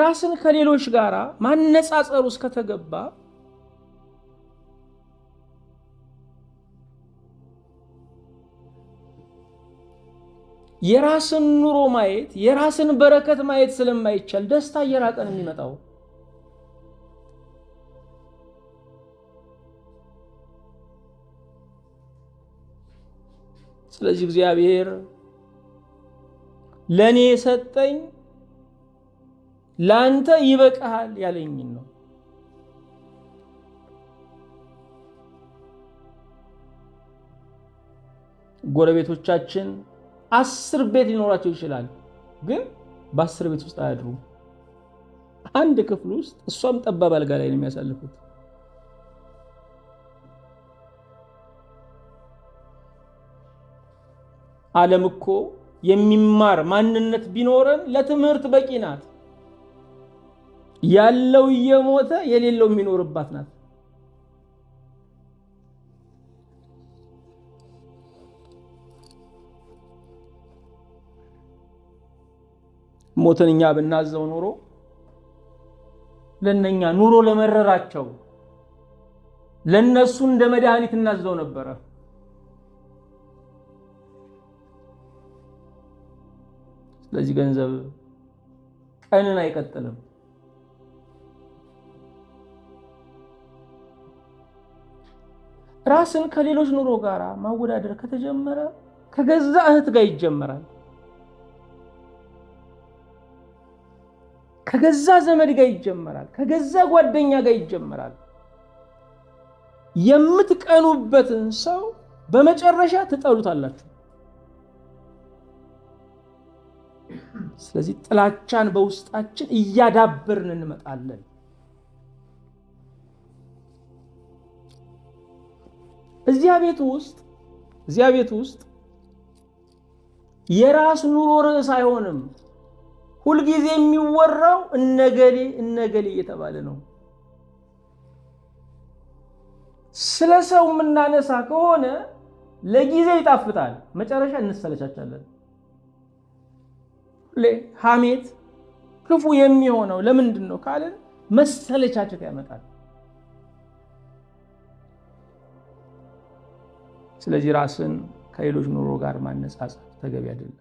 ራስን ከሌሎች ጋር ማነጻጸሩ እስከተገባ የራስን ኑሮ ማየት የራስን በረከት ማየት ስለማይቻል ደስታ እየራቀን የሚመጣው ስለዚህ እግዚአብሔር ለእኔ የሰጠኝ ለአንተ ይበቃሃል ያለኝን ነው። ጎረቤቶቻችን አስር ቤት ሊኖራቸው ይችላል፣ ግን በአስር ቤት ውስጥ አያድሩም። አንድ ክፍል ውስጥ እሷም ጠባብ አልጋ ላይ ነው የሚያሳልፉት። ዓለም እኮ የሚማር ማንነት ቢኖረን ለትምህርት በቂ ናት። ያለው እየሞተ የሌለው የሚኖርባት ናት። ሞትን እኛ ብናዘው ኑሮ ለነኛ ኑሮ ለመረራቸው ለነሱ እንደ መድኃኒት እናዘው ነበረ። ስለዚህ ገንዘብ ቀንን አይቀጥልም። ራስን ከሌሎች ኑሮ ጋር ማወዳደር ከተጀመረ ከገዛ እህት ጋር ይጀመራል። ከገዛ ዘመድ ጋር ይጀመራል። ከገዛ ጓደኛ ጋር ይጀመራል። የምትቀኑበትን ሰው በመጨረሻ ትጠሉታላችሁ። ስለዚህ ጥላቻን በውስጣችን እያዳበርን እንመጣለን። እዚያ ቤት ውስጥ እዚያ ቤት ውስጥ የራስ ኑሮ ርዕስ አይሆንም። ሁልጊዜ የሚወራው እነገሌ እነገሌ እየተባለ ነው። ስለ ሰው የምናነሳ ከሆነ ለጊዜ ይጣፍጣል፣ መጨረሻ እንሰለቻቻለን። ሐሜት ክፉ የሚሆነው ለምንድን ነው ካልን መሰለቻቸት ያመጣል። ስለዚህ ራስን ከሌሎች ኑሮ ጋር ማነጻጸር ተገቢ አይደለም።